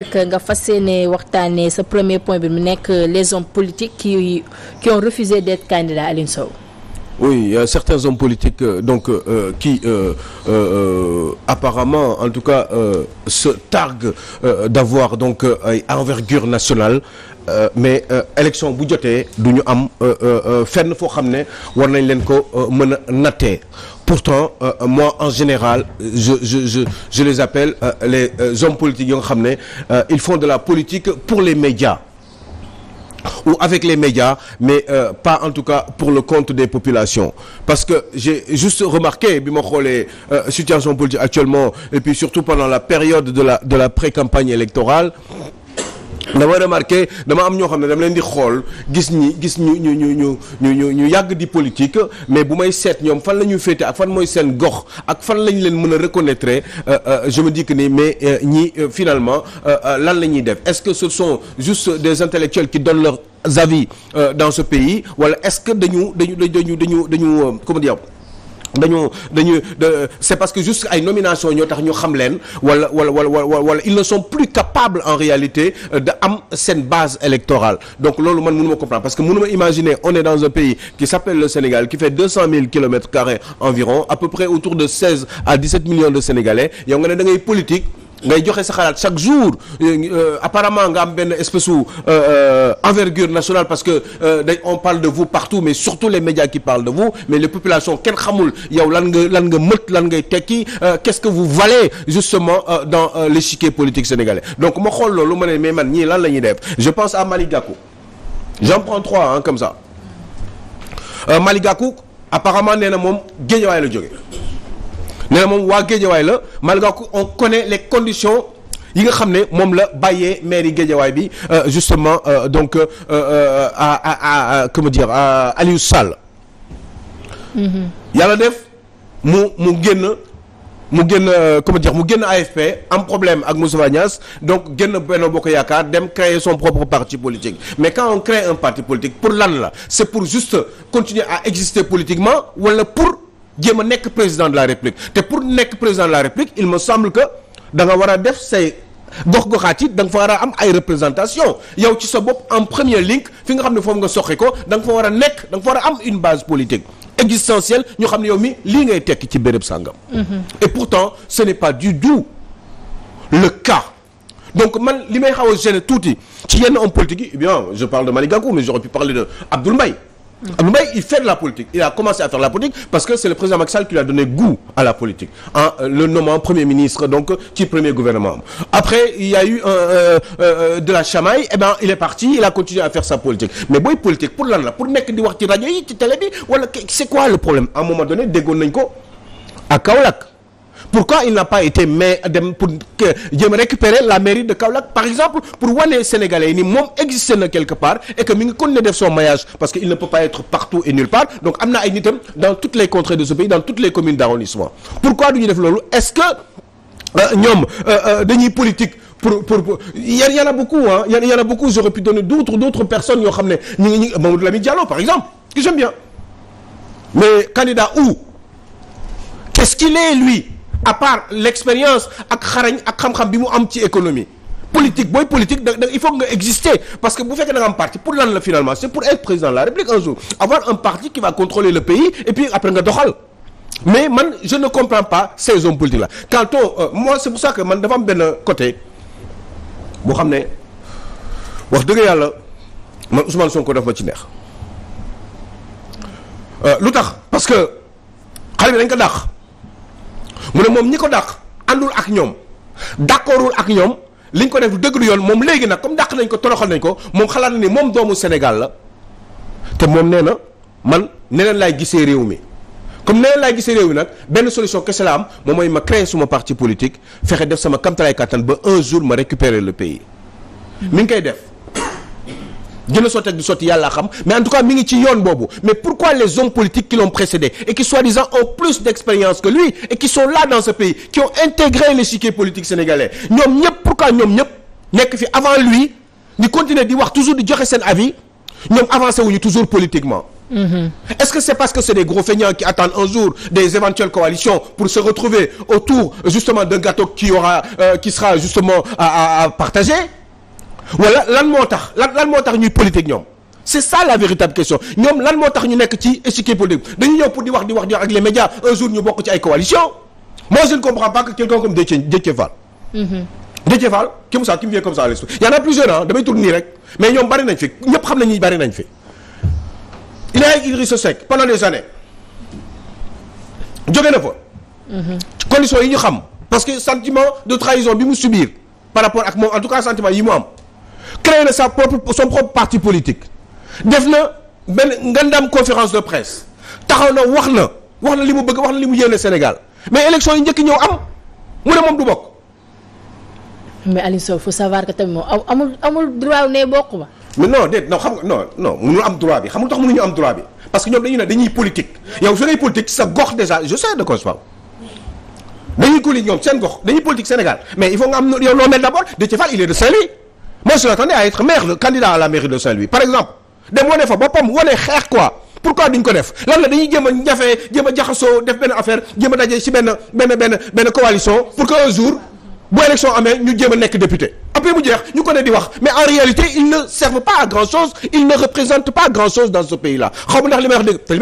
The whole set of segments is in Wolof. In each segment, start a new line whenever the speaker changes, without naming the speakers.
nga fas ne waxtaanee sa premier point bi mu nekk les hommes politiques qui qui ont refusé d'être candidats Alioune
oui euh, certains politiques donc euh, qui euh, euh, euh, apparemment en tout cas se targuent d'avoir donc ay envergure nationale mais élection bu jotee du ñu am fenn foo xam ne war nañ leen ko mën a nattee. pourtant euh, euh, moi en général je je je je les appelle euh, les hommes politiques yoo nga xam ne ils font de la politique pour les médias ou avec les médias mais euh, pas en tout cas pour le compte des populations parce que j'ai juste remarqué bi ma xoolee situation politique actuellement et puis surtout pendant la période de la de la pré-campagne électorale dama remarqué dama am ñoo xam ne dama leen di xool gis ñi gis ñu ñu ñu ñu ñu ñu yàgg di politique mais bu may seet ñoom fan la ñuy féete ak fan mooy seen gox ak fan lañ leen mën a reconnaître euh, euh, je me dis que ni mais euh, ñi finalement lan la ñuy def est-ce que ce sont juste des intellectuels qui donnent leurs avis dans ce pays wala est-ce que dañu dañu dañu dañu dañu comment dire dañoo dañu c'est parce que juste ay nomination ñoo tax ñu xam leen wala wala wala wala ils ne sont plus capables en réalité euh, de am seen base électorale donc loolu man mënu ma comprendre parce que mënu ma imaginer on est dans un pays qui s'appelle le Sénégal qui fait kilomètres carrés environ à peu près autour de à millions de Sénégalais yow nga ne da ngay politique ngay joxe sa xalaat chaque jour euh, euh, apparemment nga am benn espèce u euh, envergure nationale parce que dañ on parle de vous partout mais surtout les médias qui parlent de vous mais les populations kenn xamul yow lan nga lan nga mët lan ngay tekki qu'est-ce que vous valez justement dans l'échiquier politique sénégalais donc ma xool loolu ma ne mais man ñii lan la ñuy def je pense à Malick Gakou j'en prends trois hein, comme ça Malick Gakou apparemment nee na moom Guédiawaye la jóge nee moom waa Géejawaay la malgré que on connaît les conditions yi nga xam ne moom la bàyyee maire yi Géejawaay bi euh, justement euh, donc euh, euh, à, à à comment dire à Aliou Sall. Mm-hmm. yàlla def mu mu génn. mu génn euh, comment dire mu génn AFP am problème ak Moustapha Niasse donc génn Benno Bokk Yaakaar dem créer son propre parti politique mais quand on crée un parti politique pour lan la c'est pour juste continuer à exister politiquement wala pour jéem a nekk président de la république te pour nekk président de la république il me semble que da nga war a def say gox-goxaat yi da nga fa war a am ay représentation yow ci sa bopp en première ligne fi nga xam ne foofu nga soqi ko da nga fa war a nekk da nga fa war a am une base politique existentielle ñu xam ne yow mi lii ngay tekki ci béréb sàngam. Mhm. et pourtant ce n'est pas du tout le cas. donc man li may xaw a gêner tuuti ci yenn homme politique yi eh bien je parle de Malick Gakou mais j'aurais Abdoul mm. Mbaye il fait de la politique il a commencé à faire de la politique parce que c'est le président Macky Sall qui lui a donné goût à la politique en euh, premier ministre donc ci premier gouvernement après il y a eu euh, euh, euh de la chamaille eh il est parti il a continué à faire sa politique mais politique pour lan la pour nekk di wax ci rajo yi ci télé bi wala c'est quoi le problème à un moment donné déggoon nañ ko à Kaolack pourquoi il n'a pas été mais dem pour jéem récupérer la mairie de Kaolack par exemple pour wane sénégalais yi ni moom existé na quelque part et que mi ngi continuer son maillage parce que ne peut pas être partout et nulle part donc am na dans toutes les contrées de ce pays dans toutes les communes d'arrondissement pourquoi du euh, euh, euh, politique pour pour pour y en a beaucoup ah y en a beaucoup pu donner d'autres personnes yoo xam ne ñu ngi ñu Mamadou par exemple que j'aime bien mais candidat où à part l'expérience ak xarañ ak xam-xam bi mu am ci économie politique booy politique da il faut nga exister parce que bu fekkee da nga am parti pour lan la finalement c'est pour être président de la République un jour avoir un parti qui va contrôler le pays et puis après nga doxal mais man je ne comprends pas ces hommes politiques là quand on euh, moi c'est pour ça que man dafa am benn côté boo xam ne wax dëgg yàlla man Ousmane Sonko daf ma ci neex euh, lu tax parce que xale bi dañ ko dàq. mu ne moom ñi ko dàq àndul ak ñoom d'accordul ak ñoom li ñu ko def lu dëgg du yoon moom léegi nag comme dàq nañ ko toroxal nañ ko moom xalaat na ni moom doomu Sénégal la te moom nee na man neneen laay gisee réew mi comme neneen laay gisee réew mi nag benn solution kese la am moom mooy ma créer suma parti politique fexe def sama kamtalaay kattan ba un jour ma récupérer le pays mi ngi koy def gën a sotti ak di sotti yàlla xam mais en tout cas mi ngi ci yoon boobu mais pourquoi les hommes politiques qui l'ont précédé et qui soi-disant ont plus d'expérience que lui et qui sont là dans ce pays qui ont intégré l'échiquier politique sénégalais ñoom ñëpp pourquoi ñoom ñëpp nekk fi avant lui ñu continuer di wax toujours di joxe seen avis ñoom avancé wuñu toujours politiquement Mmh. Est-ce que c'est parce que c'est des gros feignants qui attendent un jour des éventuelles coalitions pour se retrouver autour justement d'un gâteau qui aura euh, qui sera justement à, à, à partager wala lan moo tax lan lan moo tax ñuy politique ñoom c'est ça la véritable question ñoom lan moo tax ñu nekk ci échiquier politique dañu ñëw pour di wax di wax di wax ak les médias un jour ñu bokk ci ay coalition moi je ne comprends pas que quelqu'un comme Déthié Déthié Fall mm-hmm. Déthié Fall comme ça qui me comme ça à l'esprit y a plusieurs ah damay tourner nii rek mais ñoom bari nañ fi ñëpp xam nañ bari nañ fi il a Idrissa Seck pendant des années jóge na fa mm-hmm. conditions xam parce que sentiment de trahison bi mu subir par rapport ak moom en tout cas sentiment yi mu am créé na sa propre son propre parti politique def na benn ngandam conférence de presse taxaw na wax na wax na li mu bëgg wax na li mu yéene Sénégal mais élection yi njëkk ñëw am mu ne moom du bokk.
mais Aliou Sow faut savoir tamit moom amul amul droit ne bokk ma.
mais non déet non xam nga non non am droit bi xam nga tax mënuñu am droit bi parce que ñoom dañuy ne dañuy politique yow su ngay politique sa gox déjà je sais de quoi dañuy politique ñoom seen gox dañuy politique Sénégal mais il faut nga moi je l'attendais à être maire candidat à la mairie de Saint-Louis par exemple dem wane fa boppam wane xeex quoi pourquoi duñ ko def lan la dañuy jéem a njafee jéem a jaxasoo def benn affaire jéem a daje ci benn benn benn benn coalition pour que un jour bu élection amee ñu jéem nekk député après mu jeex ñu ko ne di wax mais en réalité ils ne servent pas à grand chose ils ne représentent pas grand chose dans ce pays là xaw ma ndax li may wax dëgg te li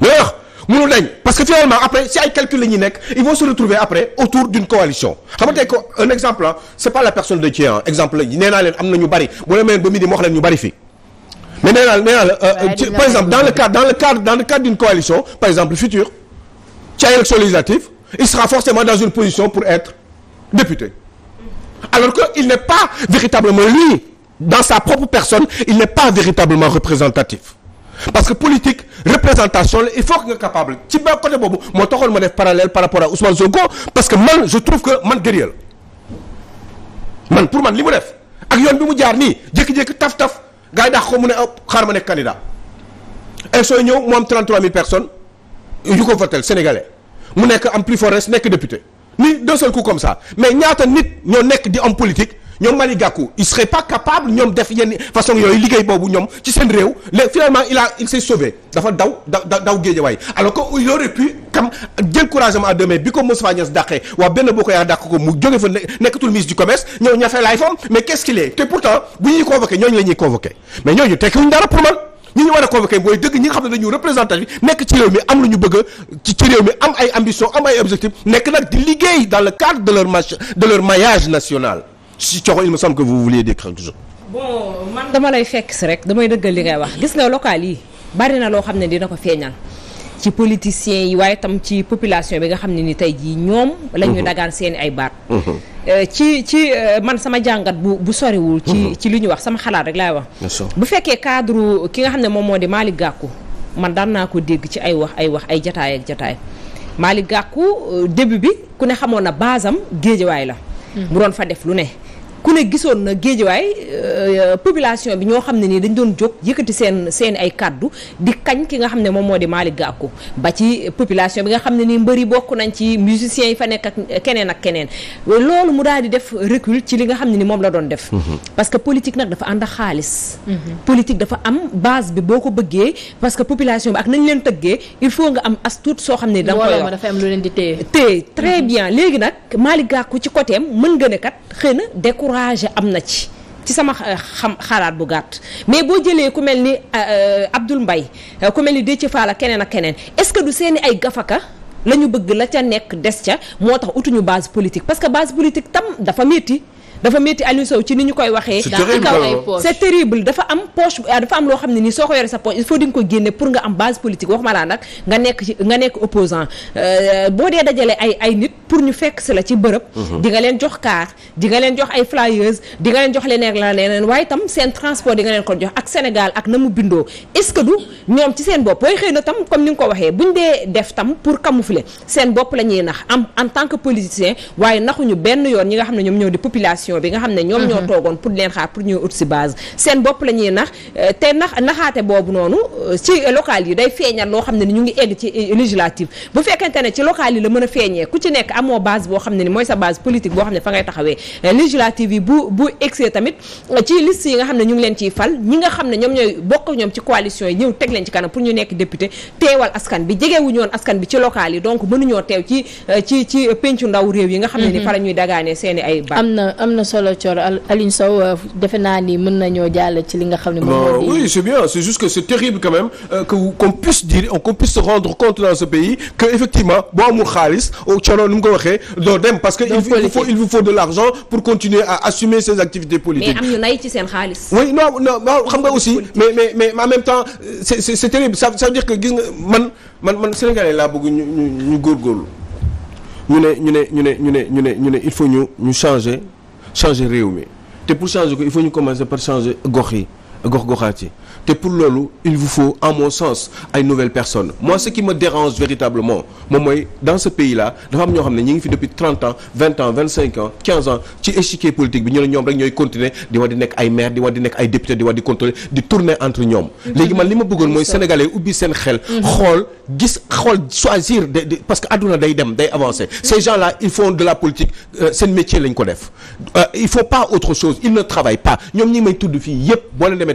may wax mënul dañ parce que finalement après si ay calcul la ñuy nekk ils vont se retrouver après autour d'une coalition xam nga tey ko un exemple ah c'est pas la personne de Dieu exemple nee naa leen bari bu demee ba midi ma wax leen bari fii. mais nee euh, par exemple dans le cadre d'une coalition par exemple future ci ay élection législative il sera forcément dans une position pour être député alors que n'est pas véritablement lui dans sa propre personne il n'est pas véritablement représentatif parce que politique représentation la il faut que nga capable ci ba côté boobu moo taxoon ma def parallèle par rapport à Ousmane Sonko parce que man je trouve que man guerrier la man pour man li mu def ak yoon bi mu jaar nii jékki-jékki taf taf gars yi daax ko mu ne xaar ma nekk candidat élection yi ñëw mu am 33000 personnes yu ko votel sénégalais mu nekk am plus forest nekk député ni d'un seul comme ça mais ñaata nit ñoo nekk di homme politique ñoom Mali Gakou il serait pas capable ñoom def yenn façon yooyu liggéey boobu ñoom ci seen réew léegi finalement il a il s'est sauvé dafa daw da daw géejawaay alors que il aurait pu kam jël courage am à deux mains bi ko Moustapha Niasse dàqee waa benn boo ko yaa dàq ko mu jóge fa nekkatul ministre du commerce ñëw ñafee laay fam mais qu'est-ce qu'il te pourtant bu ñuy convoqué ñooñu la ñuy mais ñooñu tekkiwuñ dara pour man ñi ñu war a convoqué dëgg ñu bëgg ci ay ambition am ay objectif nekk nag liggéey dans le cadre de leur national ci Thioro il me semble que vous vouliez dire quelque chose.
bon man dama lay fekk si rek damay dëggal li ngay wax gis nga local yi bari na loo xam ne dina ko feeñal ci politiciens yi waaye tam ci population bi nga xam ne ni tey jii ñoom. la ñuy mhm. dagaan seeni ay baat. Mhm. Euh, ci ci euh, man sama jàngat bu bu soriwul. ci mhm. ci li ñu wax sama xalaat rek laay
wax. bu
fekkee cadre ki nga xam ne moom moo di maali gàkku man daan naa ko dégg ci ay wax ay wax ay jataay ak jataay maali gàkku euh, début bi ku ne xamoon na basam géejawaay la. doon fa def lu ne. ku ne gisoon na géej géejawaay euh, population bi ñoo xam ne nii dañ doon jóg yëkkati seen seen ay kaddu di kañ ki nga xam ne moom moo di maali Gakou ba ci population bi nga xam ne nii mbëri bokk nañ ci musiciens yi fa nekk ak keneen keneen loolu mu daal di def recul ci li nga xam ne ni moom la doon def mhm. parce que politique nag dafa ànd xaalis mhm. politique dafa am base bi boo ko bëggee parce que population bi ak nañ leen tëggee il faut nga am as soo xam ne da nga koy wax dafa am lu leen di téye te très mhm. bien léegi nag maali Gakou ci côté am mën nga ne kat xëy na découragé am na ci ci sama euh, xam xalaat bu gàtt mais boo jëlee ku mel ni euh, euh, Abdoul Mbaye ku mel ni Déthié Fall ak keneen ak keneen est-ce que du seeni ay gafaka la ñu bëgg la ca nekk des ca moo tax utuñu base politique parce que base politique tam dafa métti. dafa métti Aliou Sow ci ni ñu koy waxee ci kaw ay poche c'est terrible dafa am poche ah, dafa am loo xam ne nii soo ko yoree sa poche il faut di nga ko génne pour nga am base politique waxuma laa nag nga nekk ci nga nekk opposant euh, boo dee dajale ay ay nit pour ñu fekk si la ci bërëb mhm. di nga leen jox kaar di nga leen jox ay flyers di nga leen jox leneen la leneen waaye itam seen transport di nga leen ko jox ak Sénégal ak na mu bindoo est que du ñoom ci seen bopp booy xëy na tam comme ni nga ko waxee buñ dee def tam pour camoufler seen bopp la ñuy nax am en tant que politicien waaye naxuñu benn yoon ñi nga xam ne ñoom ñoo di population opposition bi nga xam ne ñoom mhm. euh, euh, yi day feeñal loo xam ñu ngi egg ci euh, législative bu fekkente ne ci local a yi bu bu egsee tamit ci liste yi nga xam ne ñu ngi leen ciy fal ñi nga xam ne ñoom ñooy bokk ñoom ci coalition yi ñëw teg leen ci kanam pour ñu nekk député teewal askan bi jegewuñu askan bi ci local yi donc mënuñoo teew ci ci ci ndaw réew yi nga xam ne ni mhm. fa ñuy dagaanee seeni ay ba
na solo Thior Alioune Sow euh, defe naa ni mën nañoo jàll ci li nga xam ne. moom moo
oui c'est bien c'est terrible quand même euh, qu'on puisse dire qu'on puisse se rendre compte dans ce pays que effectivement boo amul xaalis oh, Thioro nu mu ko waxee doo dem parce que. il faut de l'argent pour continuer à assumer ses activités politiques.
mais am ñu nay ci seen xaalis.
oui non non xam nga aussi mais en même temps c'est terrible ça ça dire que gis nga man man changer réew mi te pour changer ko il faut ñu commencer par changer gox yi gox-goxaat te pour loolu il vous faut à mon sens ay nouvelles personnes moi ce qui me dérange véritablement moom mooy dans ce pays là dafa am ñoo xam ne ñi ngi fi depuis 30 ans 20 ans 25 ans 15 ans ci échiquier politique bi ñu ne ñoom rek ñooy continuer di wax di nekk ay maire di wax di nekk ay député di wax di contrôler di tourner entre ñoom léegi man li ma bëggoon mooy sénégalais ubbi seen xel mm-hmm. xool gis xool choisir parce que adduna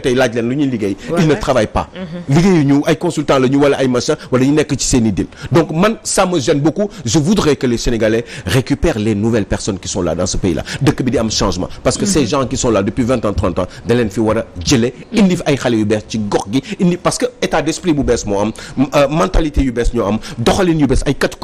tey ñuy liggéey ils ne travaillent pas mhm. liggéeyu ñu ay consultants la wala ay machin wala ñu nekk ci seen i donc man ça me gêne beaucoup je voudrais que les Sénégalais récupèrent les nouvelles personnes qui sont là dans ce pays là dëkk bi di am changement parce que mhm. ces gens qui sont là depuis vingt ans trente ans da fi war a jële indi ay xale yu bees ci gox gi parce que état d'esprit bu bees moo am euh, mentalité yu bees ñoo am doxalin yu bees ay kat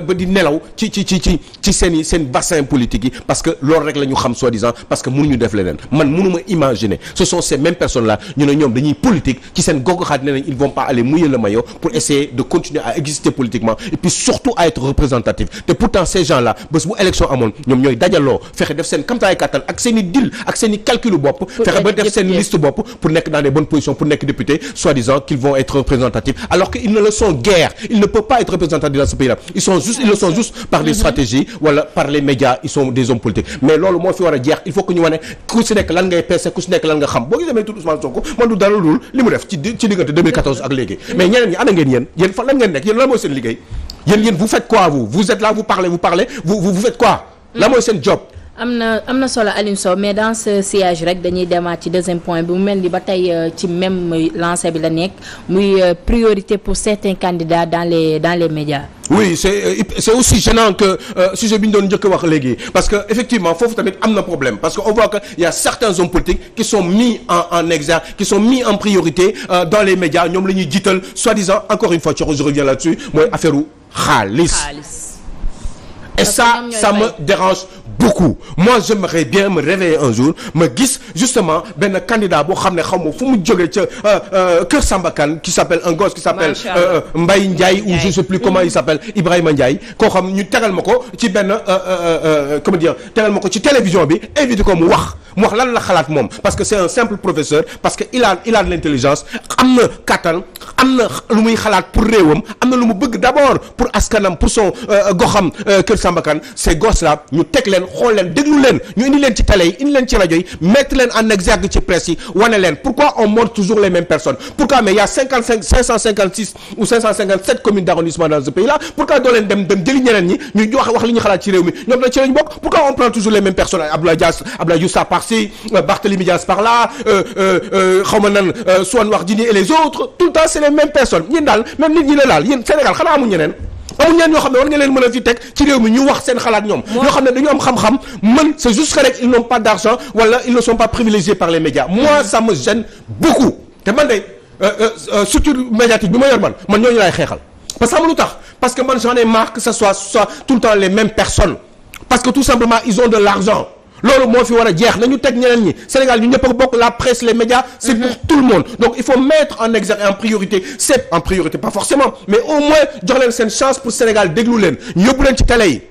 ba ba di nelaw ci ci ci ci ci seen i seen bassin politique yi parce que loolu rek la ñu xam soi-disant parce que mënuñu def leneen man mënuma imaginer ce sont ces mêmes personnes là ñu ne ñoom dañuy politique ci seen gogo xaat ne ils vont pas aller mouiller le maillot pour essayer de continuer à exister politiquement et puis surtout à être représentatif te pourtant ces gens là bés élection amoon ñoom ñooy dajaloo fexe def seen kamtaay kattan ak seen ak seen sont juste ils le sont juste par des mhm. stratégies wala par les médias ils sont des hommes politiques mais loolu moo fi war a jeex il faut que ñu wane ku si nekk lan ngay peese ku si nekk lan nga xam boo gisee may tudd Ousmane Sonko man du dara loolu li mu def ci diggante ak léegi mais ñeneen ana ngeen yéen yéen fa lan ngeen nekk yéen lan mooy seen liggéey yéen yéen vous faites quoi vous vous êtes là vous parlez vous parlez quoi lan mooy seen job
am na am na solo Alioune Sow mais dans ce siège rek dañuy demaat ci deuxième point bi mu mel ni ba tey euh, ci même lancé bi la nekk muy euh, priorité pour certains candidats dans les dans les médias.
oui c' euh, aussi gênant que sujet bi ñu doon njëkk wax léegi parce que effectivement foofu tamit am na problème parce que on voit que y a certains hommes politiques qui sont mis en en qui sont mis en priorité dans les médias ñoom la ñuy jiital soi-disant encore une fois je reviens beaucoup moi j'aimerais bien me réveiller un jour ma gis justement benn candidat boo xam ne xaw ma fu mu jógee ca euh, euh, Kër sambakan Kane qui s'appelle un gosse qui s'appelle euh, Mbaye Ndiaye ou je sais plus comment il s'appelle Ibrahima Ndiaye koo xam ñu tegal ma ko ci benn comment dire tegal ma ko ci télévision bi invité ko mu wax mu wax lan la xalaat moom parce que c'est un simple professeur parce que il a il a de l'intelligence am na kattan am na lu muy xalaat pour réewam am na lu mu bëgg d'abord pour askanam pour son goxam Kër Samba Kane ces ñu teg leen xool leen déglu leen ñu indi leen ci télé yi indi leen ci rajo yi mettre leen en exergue ci presse yi wane leen pourquoi on montre toujours les mêmes personnes pourquoi mais il cinquante cinq cinq cent cinquante six ou cinq cent cinquante sept communes d'arrondissement dans ce pays là pourquoi doo dem dem jëli ñeneen ñi ñu wax wax li xalaat ci réew mi ñoom nag ci lañ bokk pourquoi on prend toujours les mêmes personnes Abdoulaye Dias Abdoulaye Youssa aw ñaan ñoo xam ne war nga leen a fi teg ci réew mi ñu wax seen xalaat ñoom ñoo xam ne dañu am xam-xam mën c'est juste que ils n'ont pas d'argent wala ils ne sont pas privilégiés par les médias moi ça me gêne beaucoup te man day euh, euh, euh, structure médiatique bi ma man man ñooñu laay xeexal parce que xam lu tax parce que man j'en ai marre que ce soit soit tout le temps les mêmes personnes parce que tout simplement ils ont de l'argent loolu moo fi war a jeex nañu teg ñeneen ñi Sénégal ñu ñëpp a bokk la presse les médias c'est mhm. pour tout le monde donc il faut mettre en exergue en priorité c'est en priorité pas forcément mais au moins jox leen seen chance pour Sénégal déglu leen yóbbu leen ci télé yi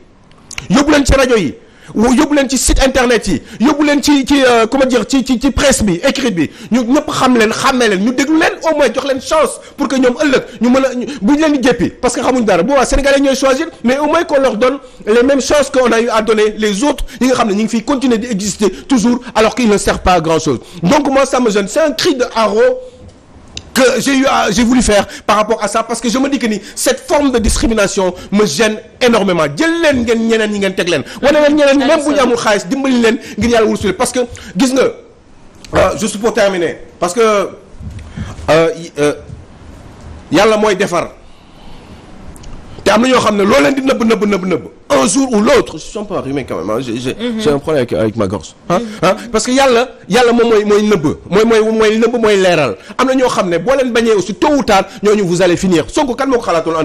yóbbu leen ci rajo yi yóbbu leen ci site internet yi bu leen ci ci euh, comment dire ci ci ci presse bi écrite bi ñu ñëpp xam leen xàmmee leen ñu déglu leen au moins jox leen chance pour que ñoom ëllëg ñu mën a bu ñu leen parce que xamuñ dara bu waa sénégalais ñooy choisir mais au moins qu'on leur donne les mêmes chances qu'on a eu à donner les autres yi nga xam ne ñu ngi fiy continuer di exister toujours alors qu'ils ne servent pas à grand chose donc moi ça me gêne c'est un cri de haro que j'ai eu j'ai voulu faire par rapport à ça parce que je me dis que ni cette forme de discrimination me gêne énormément jël leen ngeen ñeneen ñi ngeen teg leen wane leen ñeneen même bu ñu amul xaalis dimbali leen ngir yàlla wul sule parce que gis nga euh, juste pour terminer parce que euh, euh, yàlla mooy defar te am na ñoo xam ne loo leen di nëbb nëbb nëbb nëbb un jour ou l'autre je suis un peu quand même mhm. ma mhm. parce que yàlla yàlla moom mooy mooy nëbb mooy mooy mooy nëbb mooy leeral am na ñoo xam ne boo leen bañee aussi tôt ou tard ñooñu vous allez finir Sonko kan moo ko xalaatoon en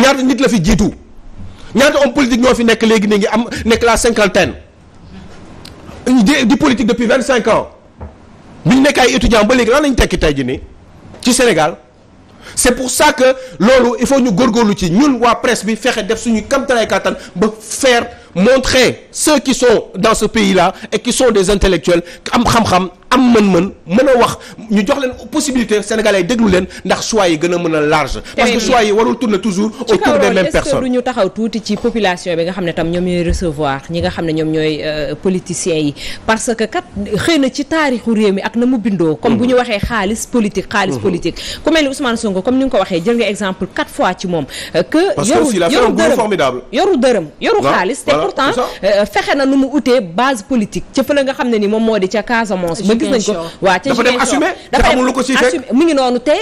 ñaata nit la fi jiitu ñaata homme politique ñoo fi nekk léegi nii ngi am nekk la cinquantaine di di politique depuis vingt cinq ans bi ñu nekk ay étudiants ba léegi lan lañu tekki tey ji nii ci Sénégal. c'est pour ça que loolu il faut ñu góorgóorlu ci ñun waa presse bi fexe def suñu kamtalaay kàttan ba faire montrer ceux qui sont dans ce pays là et qui sont des intellectuels am xam-xam am mën-mën mën a wax ñu jox leen possibilité sénégalais déglu leen ndax choix yi gën a mën a large. parce que choix yi warul tourner toujours autour des mêmes personnes. du
ñu taxaw tuuti ci population bi nga xam ne tam ñoom ñooy recevoir ñi ne ñoom ñooy euh, politiciens yi parce que kat xëy na ci taarixu réew mi ak na mu bindoo. comme bu ñu mm-hmm. waxee xaalis politique. xaalis mm-hmm. politique ku mel ni Ousmane Sonko comme ni nga ko waxee jël nga exemple quatre fois ci moom. Euh, que yoru dërëm yoru xaalis te pourtant euh, xam ne ni moom moo gis nañ ko dafa dem assumé mu ngi noonu te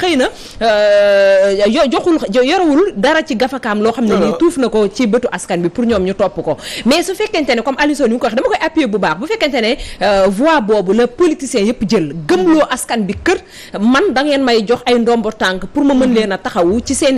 xëy na euh, yo joxul yorewul dara ci gafakaam loo xam ne nii tuuf na ko ci bëtu askan bi pour ñoom ñu topp ko mais su fekkente ne comme Aliou Sow ni mu ko wax dama koy euh, bi kër man da ngeen may jox ay ndombo tànk pour ma mën leen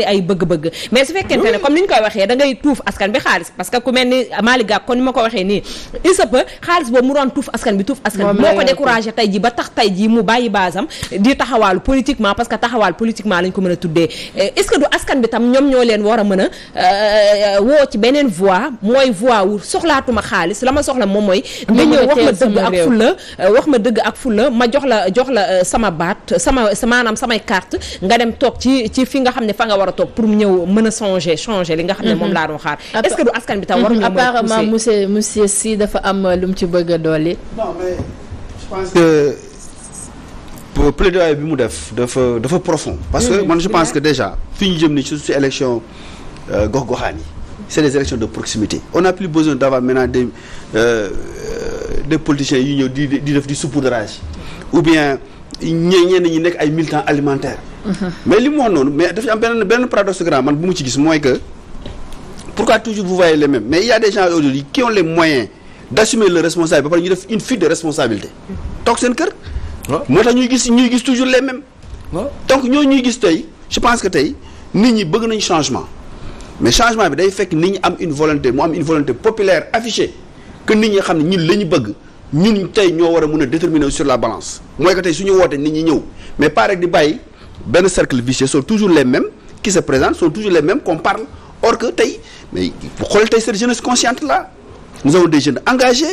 i ay bëgg-bëgg mais su fekkente ñu koy waxee da tuuf askan bi xaalis parce que ku mel ni Malick Gakou kon ni ma ko waxee nii il se peut xaalis boobu mu doon tuuf askan bi tuuf askan bi moo ko découragé tey ji ba tax tey ji mu bàyyi baasam di taxawaalu politiquement parce que taxawaal politiquement lañ ko mën a tuddee euh, est du askan bi tam ñoom ñoo leen war mën a euh, woo ci beneen voix mooy voix wu soxlaatuma xaalis la ma soxla moom mooy ma dëgg ak fulla euh, wax ma dëgg ak fulla ma jox la jox la sama baat sama maanaam samay carte nga dem toog ci ci fi nga xam ne fa nga war a toog pour mu ñëw mën a changer changer li nga xam ne moom mm-hmm. laa doon xaar est du askan
bi tam war waruñu mm-hmm. apparemment
monsieur monsieur Sy dafa am lu mu ci bëgg a dolli
pense que plaidoyer bi mu def dafa dafa profond. parce que man je pense que déjà fi ñu jëm ni ci élection euh, gox-goxaan yi. c'est des élections de proximité on a plus besoin d'avoir maintenant des de euh, euh, des politiciens yu ñëw di di def du saupoudrage ou bien ñee ñenn ñi nekk ay militants alimentaires. Mhm. mais li mu wax noonu mais dafa am benn benn paradoxe grand man bu mu ci gis mooy que pourquoi toujours vous voyez les mais il y a des gens aujourd'hui qui ont les moyens. d'assumer le responsable ba pare ñu def une fuite de responsabilité toog seen kër moo tax ñuy gis ñuy gis toujours les mêmes donc ñoo ñuy gis tey je pense que tey nit ñi bëgg nañ changement mais changement bi day fekk nit ñi am une volonté mu am une volonté populaire affichée que nit ñi xam ne ñun la ñu bëgg ñun tey ñoo war a mun a déterminer sur la balance mooy que tey suñu wootee nit ñi ñëw mais pas rek di bàyyi benn cercle vicieux sont toujours les mêmes qui se présentent sont toujours les mêmes que tey mais xool tey cette jeunesse consciente nous avons des jeunes engagés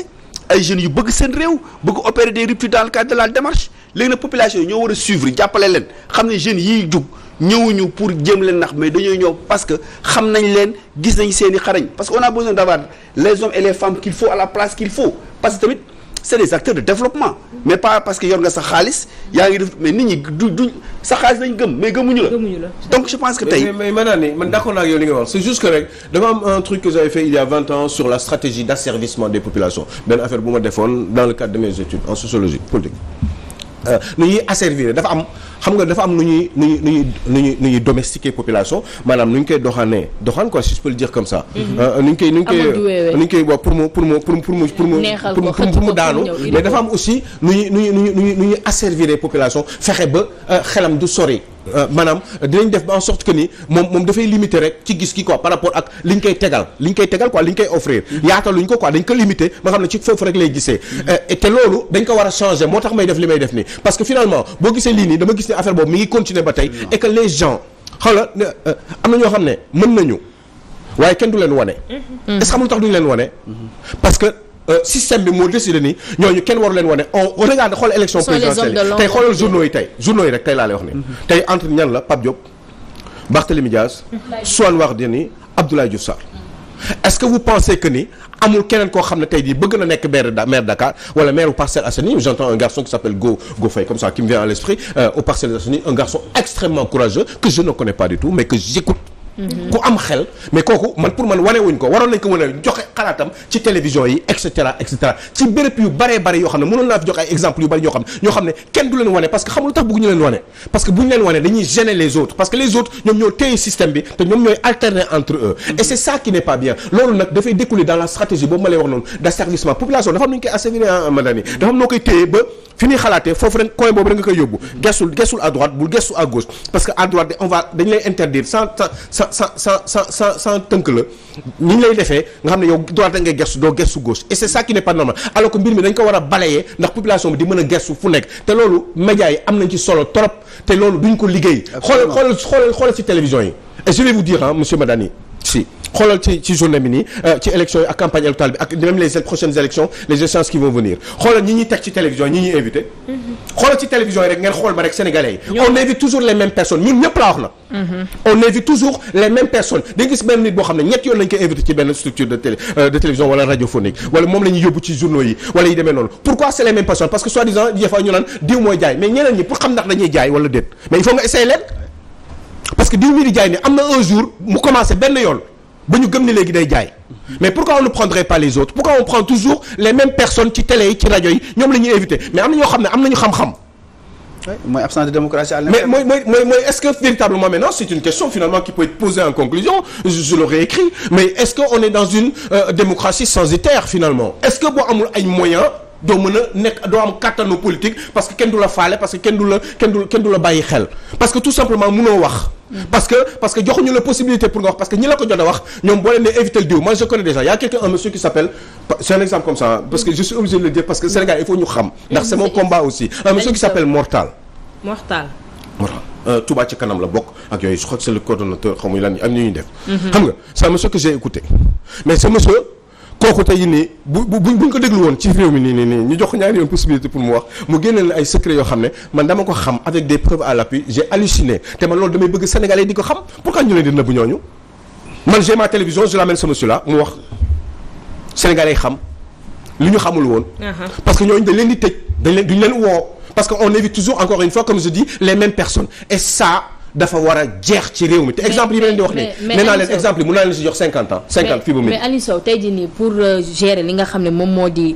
ay jeune yu bëgg seen réew bëgg opérer des ruptures dans le cadre de la démarche léegi nag population yi ñoo war a suivre jàppale leen xam ne jeunes yiy jug ñëwuñu pour jéem leen nax mais dañoo ñëw parce que xam nañ leen gis nañ seen i xarañ parce que on a besoin d'avoir les hommes et les femmes qu'il faut à la place qu'il faut parce que tamit c'est des acteurs de développement mais pas parce que yor nga sa xaalis yaa ngi def mais nit ñi du du sa xaalis lañ gëm mais gëmuñu la donc je pense que tey mais man d'accord naa li nga wax c'est juste que rek dama un truc
que j'avais fait il y a vingt ans sur la stratégie d'asservissement des populations benn affaire bu ma defoon dans le cadre de mes études en sociologie politique nu ñuy asservir dafa am xam nga dafa am nu ñuy nu ñuy nu ñuy nu ñuy nu ñuy domestiquer population maanaam nu ñu koy doxaanee doxaan quoi si je peux le dire comme ça. Mhm. Euh, nu ñu koy nu ñu koy nu koy wax pour mu pour mu pour mu pour mu pour mu pour mu daanu mais dafa am aussi nu ñuy nu ñuy nu ñuy nu ñuy asservir population fexe ba euh, xelam du sori. Euh, maanaam dinañ def ba en sorte que ni moom moom dafay limiter rek ci gis ki quoi par rapport ak li ñu koy tegal li ñu koy tegal quoi li ñu koy offrir mm-hmm. yaataluñ ko quoi dañ ko limiter ba nga xam ne ci foofu rek lay gisee mm-hmm. euh, te loolu dañ ko war a changer moo tax may def li may def nii parce que finalement boo gisee lii nii dama gis ne affaire boobu mi ngi continuer ba tey mm-hmm. et que les gens euh, am na ñoo xam ne mën nañu waaye kenn du leen wane est xam lu Euh, système bi moo décidé ni ñooñu kenn waru leen wane on regarde xool élection présidentielle tey xoolal journaux yi tey journaux yi rek tey laa lay wax ni mhm. tey entre ñan la Pape Diop Barthélémy Diaz Soham Wardini Abdoulaye Diouf Sarr est-ce que vous pensez que ni amul keneen koo xam ne tey jii bëgg na nekk maire maire Dakar wala maire Parcelles Assainies j'entends un garçon qui s'appelle Go Go Faye comme ça qui me vient à l'esprit euh, au Parcelles Assainies un garçon extrêmement Mhm. ku am xel mais kooku man pour man wane wuñ ko waroon nañ ko mën joxe xalaatam ci télévision yi et cetera ci béréb yu baree bari yoo xam ne mënoon naa fi joxe ay exemple yu bari yoo xam ne ñoo xam ne kenn du leen wane parce que xamul tax bëgg ñu leen wane parce que bu ñu leen wane dañuy gêner les autres parce que les autres ñoom ñoo téye système bi te ñoom ñooy alterner entre eux mhm. et c'est ça qui n'est pas bien loolu nag dafay découler dans la stratégie sa sa sa sa sa tënk la ni ñu lay defee nga xam ne yow droite ngay gersu doo gersu gauche et c'est ça qui n'est pas normal alors que mbir mi dañ ko war a balayer ndax population bi di mën a gersu fu nekk te loolu médias yi am nañ ci solo trop te loolu duñ ko liggéey xool xool xool xoolal ci télévision yi et je vais vous dire ah monsieur Madani si xoolal ci ci bi nii euh, ci élection yi ak campagne électorale les prochaines qui vont venir xoolal ñi ñuy teg ci télévision ñi ñuy invité. Mm-hmm. xoolal ci télévision yi rek ngeen xool ma rek sénégalais yi. on évite toujours les mêmes personnes ñun ñëpp la wax na.
Mm-hmm. on
évite toujours les mêmes personnes dañu gis même nit boo xam ne ñett yoon lañ koy invité ci benn structure de télé euh, de télévision wala radiophonique wala moom la ñuy ci journaux yi wala yi parce que diw mii di jaay ni am na un jour mu commencé benn yoon ba ñu gëm ni léegi day jaay mais pourquoi on ne prendrait pas les autres pourquoi on prend toujours les mêmes personnes ci télé yi ci rajo yi ñoom la ñuy mais am na ñoo xam ne am nañu xam-xam.
mooy absence de démocratie à mais
mooy mooy est-ce que véritablement maintenant c'est une question finalement qui peut être posée en conclusion je, je l'aurais écrit mais est-ce que on est dans une euh, démocratie censitaire finalement est-ce a nekk doo am kattanu politique parce que kenn du la faale parce parce que parce que joxuñu la possibilité pour nga wax parce que ñi la ko jot a wax ñoom boo leen ne éviter diw moi je connais déjà y a quelqu'un un monsieur qui s'appelle parce que Sénégal il faut ñu xam ndax c'est combat aussi un monsieur qui s'appelle Mortal Mortal euh, ci kanam la bokk ak yooyu je mhm. xam nga c'est un que j'ai écouté mais ce monsieur kooku tey nii bu bu buñ ko déglu woon ci réew mi nii nii nii ñu jox ko ñaari yoon possibilité pour mu wax mu génneel ay secret yoo xam ne man dama ko xam avec des preuves à l'appui j'ai halluciné te man loolu damay bëgg sénégalais di ko xam pourquoi ñu leen di nëbb ñooñu man j'ai ma télévision je l'amène ce monsieur là mu wax sénégalais xam li ñu xamul woon. Uh-huh. parce que ñooñu dañ leen di tëj dañ leen duñ leen woo parce que on évite toujours encore une fois comme dafa war a jeex ci réew mi te exemple yi ma di wax nii nee naa leen exemple yi mun naa leen si jox cinquante ans cinquante fii ba mi mais
Aliou Sow tey nii pour euh, gérer li nga xam ne moom moo di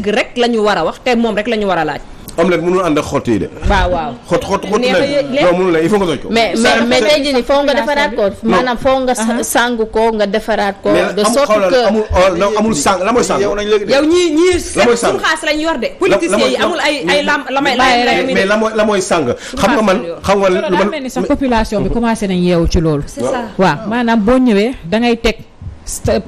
dëgg rek la ñu war a wax te moom rek la ñu war a laaj.
omelette mënul ànd ak xott yi de. waaw
waaw xott xott xott nag la il faut nga toj ko. mais
mais nii foo uh-huh. la mooy sang. yow ñii ñii suñu mais la mooy la mooy sang. xam nga man xam nga lu man sax
population bi commencé nañ yeewu ci loolu. c'est ça maanaam boo ñëwee da teg.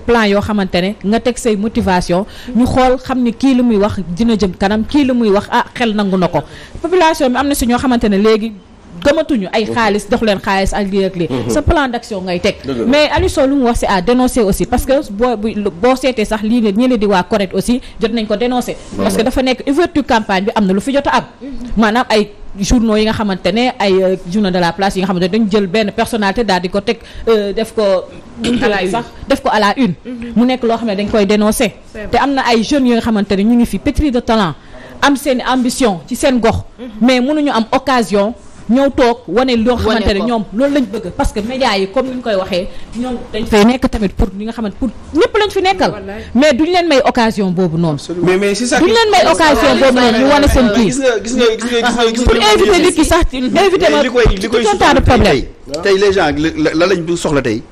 plan yoo xamante ne nga teg say motivation ñu xool xam ni kii lu muy wax dina jëm kanam kii lu muy wax a ah, xel nangu na ko population bi am na si ñoo xamante ne léegi gëmatuñu ay xaalis dox leen xaalis ak lii ak lii mhm. sa plan d'action ngay teg mais Aliou lu mu wax c'est à dénoncer aussi parce que boo boo seetee sax lii ne ñi ne di waa correct aussi jot nañ ko dénoncer parce que dafa nekk ouverture campagne bi am na lu fi jot a am mhm. maanaam ay journaux yi nga xamante ne ay euh, journaux de la place yi nga xamante ne dañu jël benn personnalité daal di ko teg euh, def ko sax def ko àlla une mhm. mu nekk loo xam ne dañ koy dénoncer te am na ay jeunes yi xamante ne ñu ngi fi pétri de talent am seen ambition ci seen gox mais am occasion ñëw toog wane loo xamante ne ñoom loolu lañ bëgg parce que médias yi comme ni ñu koy waxee ñoom dañ fay nekk tamit pour ñi nga xamante pour ñëpp lañ fi nekkal mais duñ leen may occasion boobu noonu mais mais c'est ça duñ leen may occasion boobu noonu ñu wane seen kii gis nga
gis nga gis nga gis nga pour éviter nit ki sax éviter ma tout un tas de problème tey les gens la lañ bu soxla tey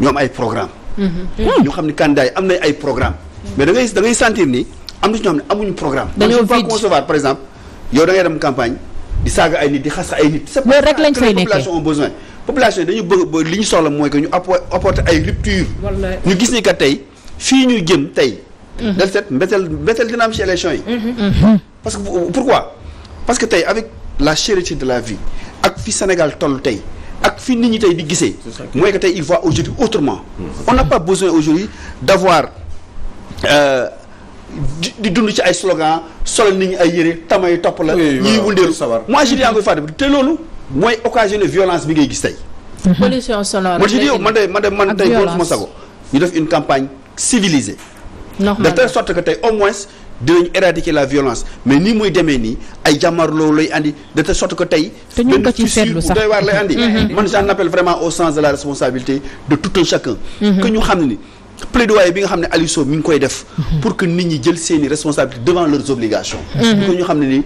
ñoom ay programme
mm-hmm.
ñu xam ne candidat yi am nañ ay programme mais da ngay da ngay sentir ni am na ci ñoo xam ne amuñu programme dañoo pas concevoir par exemple yow da ngay dem campagne di saaga ay nit di xas ay nit. loolu population ont besoin population dañu bëgg li ñu soxla mooy que ñu apporter ay rupture ñu gis ni que tey fii ñu jëm tey. Mm-hmm. del set mbetteel mbetteel dina am ci élection yi. Mm-hmm. Mm-hmm. parce que pourquoi parce que tey avec la cherté de la vie ak fi Sénégal toll tey. ak fi nit ñi tey di gisee mooy que tey il voit aujourd'hui autrement on n'a pas besoin aujourd'hui d'avoir euh, di dund ci ay slogan solal nit ñi ay yére tamay topp la ñuy wundeelu moi je dis encore une fois te loolu mooy occasionné violence bi ngay gis tey mm-hmm.
pollution sonore man je dis yow oh, man tey man tey man tey góor suma sago
ñu def que tey au moins dinañ éradiquer la violence mais nii muy demee nii ay jàmmarloo lay andi de telle sorte que tey benn fissure bu doy waar lay andi mm-hmm. man j'en appelle vraiment au sens de mm-hmm. ñu xam ni plaidoyer bi nga xam ne Aliou Sow mi ngi koy def. pour que nit ñi jël seeni responsabilités devant leurs obligations. Mhm. pour que ñu xam ne ni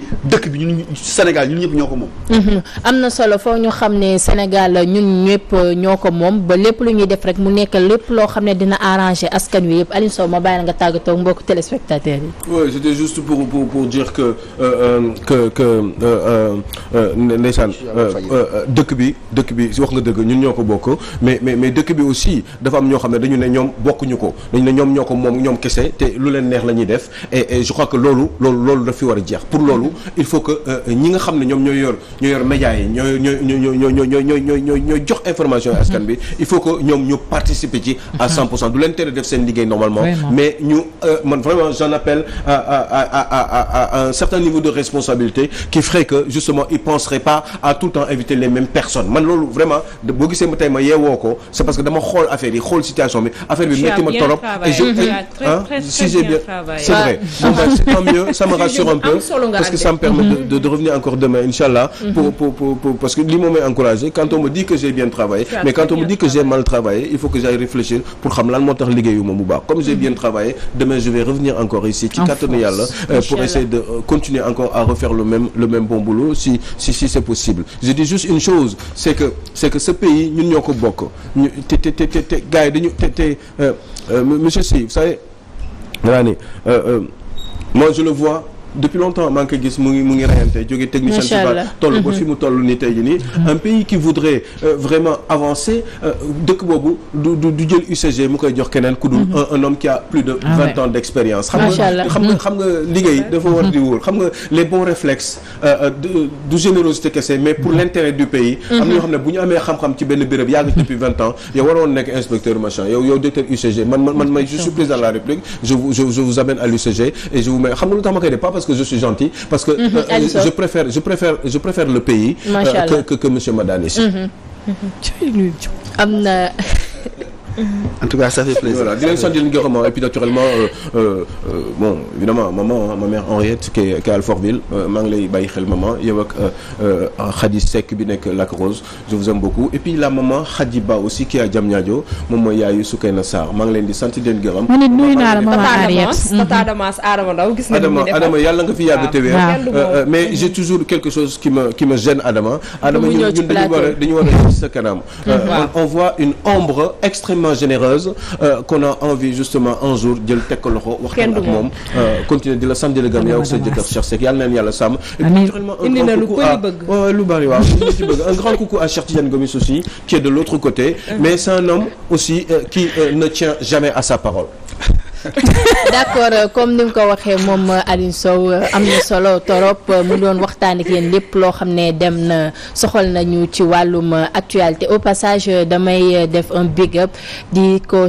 bi ñun Sénégal ñun ñoo ko moom.
Mhm. am na solo foo ñu xam ne Sénégal ñun ñëpp ñoo ko moom ba lépp lu ñuy def rek mu nekk lépp loo xam ne dina arranger askan wi yëpp ma bàyyi la nga tàggatoo mbokku téléspectateurs yi.
oui c'était juste pour pour pour dire que euh, euh que que euh, euh, dëkk bi dëkk bi wax nga dëgg ñun ñoo ko bokk mais mais mais dëkk bi aussi dafa am ñoo xam ne dañu ne ñoom bokk ñu ko dañ ne ñoom ñoo ko moom ñoom kese te lu leen neex la ñuy def et je crois que loolu loolu loolu daf fi war a jeex pour loolu il faut que euh, xam ne ñoom ñooy yor ñooy yor médias yi ñooy ñooy ñooy ñooy ñooy ñooy ñooy ñooy jox information yi askan bi il faut que ñoom ñu participer ci à 100 uh-huh. pour cent du leen tere def seen liggéey normalement mais ñu euh, man vraiment j'en appelle à un certain niveau de responsabilité qui ferait que justement ils penseraient pas à tout temps inviter les mêmes personnes man loolu vraiment boo metti ma torop et je si j'ai bien c'est ah. mieux parce que ça me permet de revenir encore demain inchallah mhm. parce que li moom encouragé quand on me dit que j'ai bien travaillé mais quand on me dit que j'ai mal travaillé il faut que j'aille réfléchir pour xam lan moo tax liggéeyu ma comme j'ai bien mhm. travaillé demain je vais revenir encore ici ci kàttanu yàlla euh, pour essayer de euh, continuer encore à refaire le même bon boulot si c'est possible je dis Euh, monsieur si vous savez. maanaam euh, euh, moi je le vois depuis longtemps maa ngi koy gis mu ngi mu ngi rayante jóge technicien suba toll ba mhm. fi mu toll ni tey ji mhm. un pays qui voudrait euh, vraiment avancer euh, dëkk boobu du du jël UCG mu koy jox keneen ku dul mhm. un homme qui a plus de ah vingt ans d'expérience xam nga xam nga xam nga liggéey dafa war di wóor xam nga les bons réflexes euh, du générosité kese mais pour l'intérêt du pays am na ñoo xam ne bu ñu amee xam-xam ci benn béréb yàgg depuis vingt ans yow waroon nekk inspecteur machin yow de parce que je suis gentil parce que mhm, euh, je préfère je préfère je préfère le pays euh, que que que monsieur Madani.
Mhm,
mhm. am na
Mm-hmm. en tout cas ça fait plaisir. voilà di leen sant di leen gërëm et puis naturellement euh, euh, euh bon évidemment maman ma mère Henriette qui est, qui est à Alfortville euh, maa ngi lay bàyyi xel maman yow ak euh, ah, Khady Seck bi nekk Lac Rose je vous aime beaucoup et puis la maman Khady Ba aussi qui est à Diamniadio moom mooy yaayu Soukeyna Sarr maa ngi leen di sant di leen gërëm. ma
ne nuyu naa la maman Henriette tata Damas Adama Ndaw gis nga Adama Adama yàlla nga fi yàgg te wér mais
mm-hmm. j'ai toujours quelque chose qui me qui me gêne Adama. Adama ñun dañu war a dañu war a gis sa kanam. Mm-hmm. on voit une ombre extrêmement tellement généreuse euh, qu'on a envie justement un jour loxo waxtaan ak moom euh, continuer di la sant di la gëm yow ak sa jëkkër Cheikh Seck yàlla na leen yàlla sàmm indi na lu un grand coucou à Cheikh Tidiane Gomis qui est de l'autre côté euh. mais c'est un homme aussi qui ne tient jamais à sa parole
d'accord comme ni nga ko waxee moom Alioune Sow am na solo torop mu doon waxtaan ak lépp loo xam ne dem na soxal nañu ci wàllum actualité au passage damay def un big up di ko.